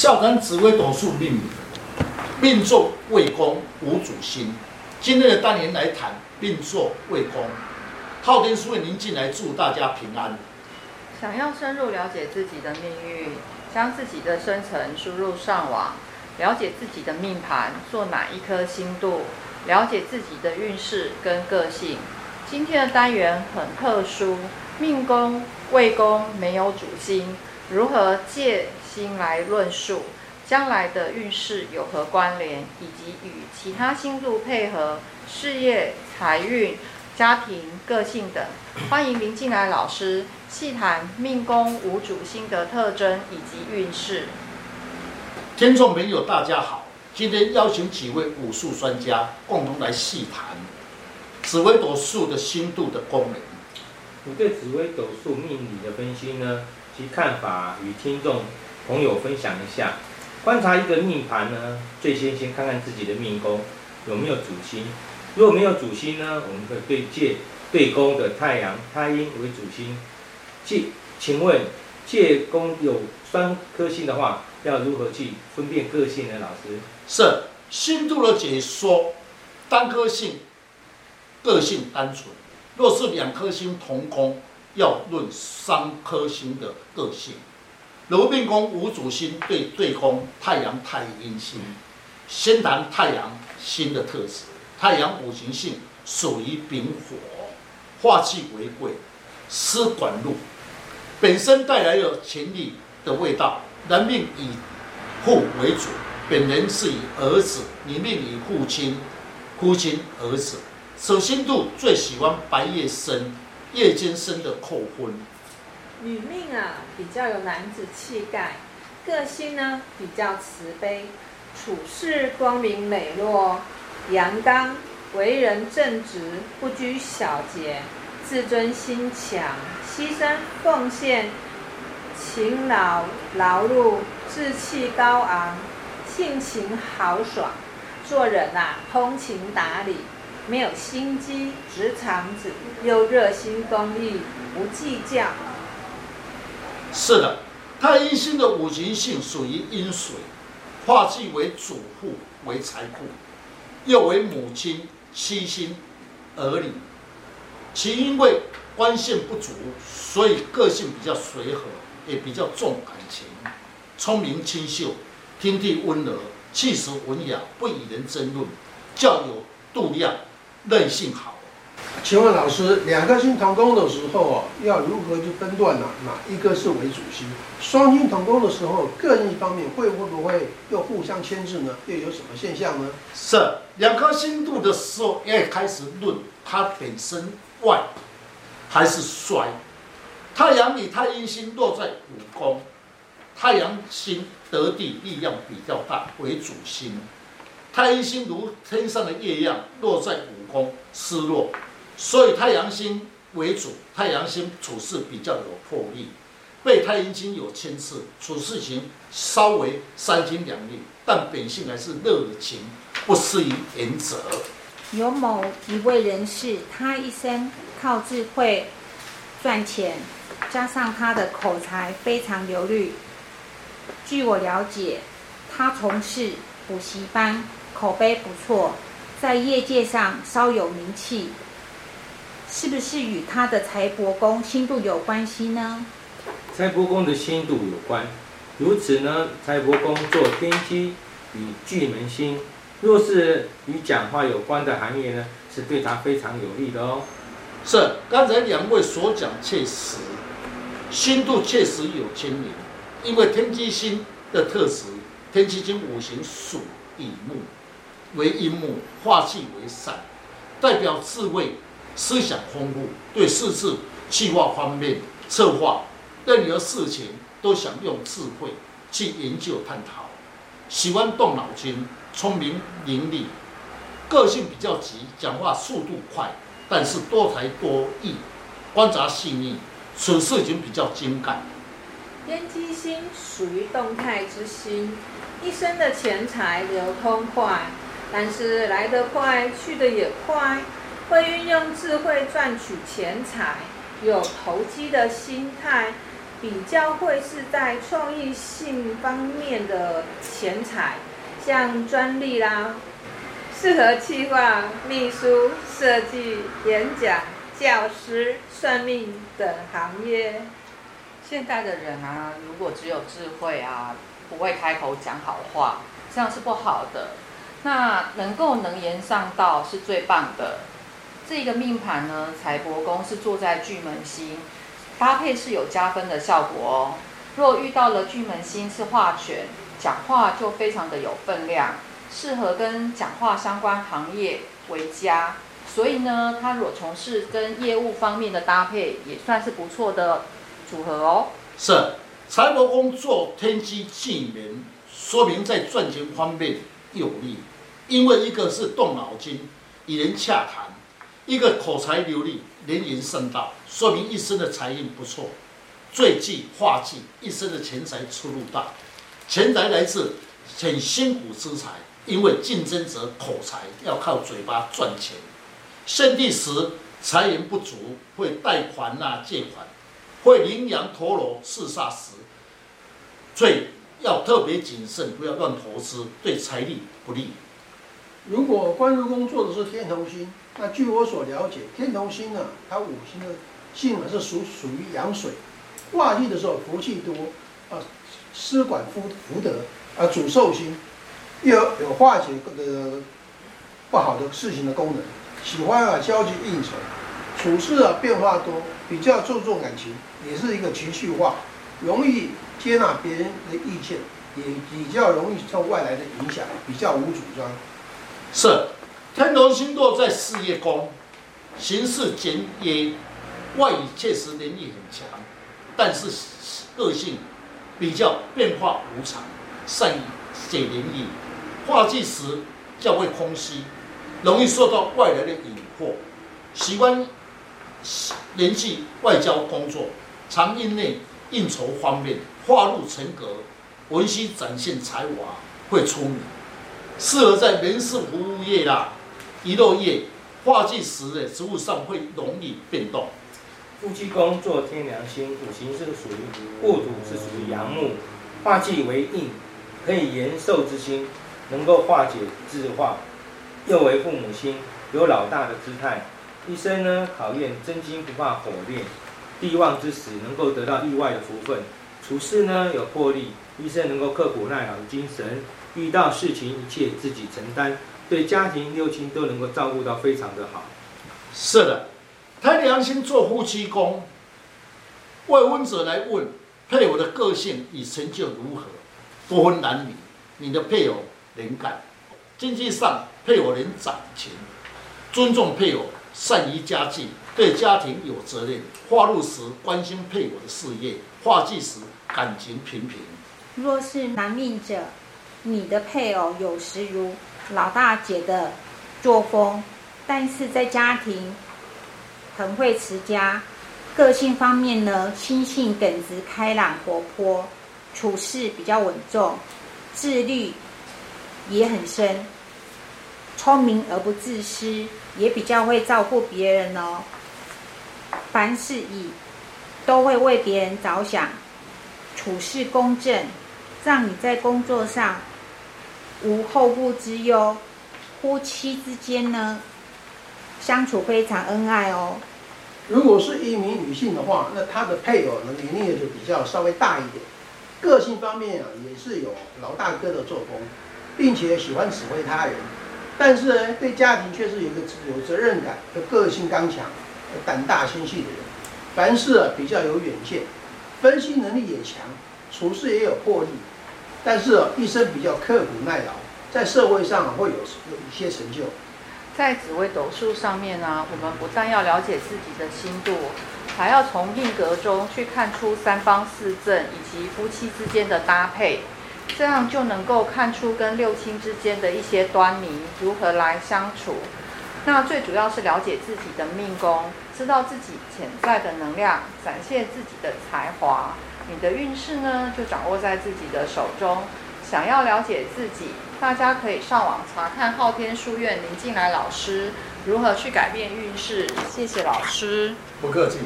笑談紫微斗數命名，命坐未宮無主星。今天的單元來談命坐未宮，昊天書院林進來祝大家平安。想要深入了解自己的命運，將自己的生辰輸入上網，了解自己的命盤，坐哪一顆星度，了解自己的運勢跟個性。今天的單元很特殊，命宮、未宮沒有主星。如何借星來論述將來的運勢有何關聯，以及與其他星度配合事業、財運、家庭、個性等？歡迎林進來老師細談命宮無主星的特徵以及運勢。聽眾朋友，大家好，今天邀請幾位武術專家共同來細談紫微斗數的星度的功能。你對紫微斗數命理的分析呢？其看法與聽眾朋友分享一下。觀察一個命盤呢，最先先看看自己的命宮有沒有主星。如果沒有主星呢，我們可以對借對宮的太陽、太陰為主星。借，請問借宮有三顆星的話，要如何去分辨個性呢？老師是星度的解說，單顆星個性單純，若是兩顆星同宮。要論三顆星的個性。羅命宮無主星對對宮太陽太陰星。先談太陽星的特質。太陽五行性屬於丙火，化氣為貴，司管祿，本身帶來了權力的味道。男命以父為主，本人是以兒子。女命以父親，夫親兒子。守心度最喜歡白夜生。夜間生的扣婚，女命啊，比較有男子氣概，個性呢，比較慈悲，處事光明磊落，陽剛，為人正直，不拘小節，自尊心強，犧牲奉獻，勤勞勞碌，志氣高昂，性情豪爽，做人啊，通情達理。沒有心機，直腸子，又熱心公益，不計較。是的，太陰星的五行性屬於陰水，化氣為主婦，為財富，又為母親、妻星、兒女。其因為關星不足，所以個性比較隨和，也比較重感情，聰明清秀，天地溫柔，氣質文雅，不與人爭論，較有度量。內性好，請問老師，兩顆星同宮的時候啊，要如何去分斷呢？哪一個是為主星？雙星同宮的時候，各一方面會,會不會又互相牽制呢？又有什麼現象呢？是兩顆星度的時候要開始論它本身旺。還是衰。太陽與太陰星落在未宮，太陽星得地力量比較大為主星，太陰星如天上的月亮落在未。失落，所以太陽星為主，太陽星處事比較有魄力，被太陰星有牽制，處事情稍微三心兩意，但本性還是熱情，不適於原則。有某一位人士，他一生靠智慧賺錢，加上他的口才非常流利。據我了解，他從事補習班，口碑不錯。在業界上稍有名氣，是不是與他的財帛宮星度有關係呢？財帛宮的星度有關，如此呢？財帛宮坐天機與巨門星，若是與講話有關的行業呢，是對他非常有利的哦，喔。是，剛才兩位所講確實，星度確實有牽連，因為天機星的特質，天機星五行屬乙木。為陰木化氣為善，代表智慧、思想豐富，對事事計劃方面策劃任何事情都想用智慧去研究探討，喜歡動腦筋，聰明伶俐，個性比較急，講話速度快，但是多才多藝，觀察細膩，處事情比較精幹。天機星屬於動態之星，一生的錢財流通快。但是來得快，去得也快，會運用智慧賺取錢財，有投機的心態，比較會是在創意性方面的錢財，像專利啦，適合企劃、秘書、設計、演講、教師、算命等行業。現代的人啊，如果只有智慧啊，不會開口講好話，這樣是不好的。那能夠能言善道是最棒的。這個命盤呢，財帛宮是坐在巨門星，搭配是有加分的效果哦。若遇到了巨門星是化權，講話就非常的有分量，適合跟講話相關行業為佳。所以呢，他若從事跟業務方面的搭配，也算是不錯的組合哦。是、啊，財帛宮坐天機巨門，說明在賺錢方面有利。因為一個是動腦筋，與人洽談；一個口才流利，人緣甚道，說明一生的財運不錯。最忌化忌，一生的錢財出入大，錢財來自很辛苦之財。因為競爭者口才，要靠嘴巴賺錢。勝利時財源不足，會貸款吶、啊，借款，會擎羊陀羅、四煞時，所以要特別謹慎，不要亂投資，對財力不利。如果官祿宮做的是天同星，那據我所了解，天同星呢、啊，它五行的性呢是屬屬於陽水，化氣的時候福氣多，啊，司管福福德，啊主壽星，又有化解的不好的事情的功能，喜歡啊交際應酬，處事啊變化多，比較注重、重感情，也是一個情緒化，容易接納別人的意見，也比較容易受外來的影響，比較無主張。是天龍星座在事業宮，行事簡約，外語確實能力很強，但是個性比較變化無常，善於且靈異，化忌時較為空虛，容易受到外來的引惑，喜歡聯繫外交工作，常因內應酬方面，化祿成格，文心展現才華，會出名。適合在人事服務業啦、娛樂業、化忌時的職務上會容易變動。夫妻宮坐天梁星，五行是屬於木土，是屬於陽木，化氣為蔭，可以延壽之星，能夠化解自化，又為父母親有老大的姿態，一生呢，考驗真金不怕火煉，帝旺之時能夠得到意外的福分，處事呢，有魄力。一生能夠刻苦耐勞的精神，遇到事情一切自己承擔，對家庭六親都能夠照顧到非常的好。是的，太良心做夫妻宮。未婚者來問配偶的個性與成就如何？不分男女，你的配偶能幹，經濟上配偶能掌權，尊重配偶，善於家計，對家庭有責任。化祿時關心配偶的事業，化忌時，感情平平。若是男命者，你的配偶有時如老大姐的作風，但是在家庭很會持家，個性方面呢，心性耿直、開朗、活潑，處事比較穩重，自律也很深，聰明而不自私，也比較會照顧別人哦。凡事以，都會為別人着想，處事公正。讓你在工作上無後顧之憂，夫妻之間呢，相處非常恩愛哦。如果是一名女性的話，那她的配偶呢，年齡也就比較稍微大一點，個性方面啊也是有老大哥的作風，並且喜歡指揮他人，但是呢對家庭卻是有一個有責任感、和個性剛強、膽大心細的人，凡事啊，比較有遠見，分析能力也強。處事也有魄力，但是、啊，一生比較刻苦耐勞，在社會上、啊，會有有一些成就。在紫微斗數上面呢、啊，我們不但要了解自己的星度，還要從命格中去看出三方四正以及夫妻之間的搭配，這樣就能夠看出跟六親之間的一些端倪，如何來相處。那最主要是了解自己的命宮，知道自己潛在的能量，展現自己的才華。你的運勢呢，就掌握在自己的手中。想要了解自己，大家可以上網查看，昊天書院林進來老師如何去改變運勢。謝謝老師，不客氣。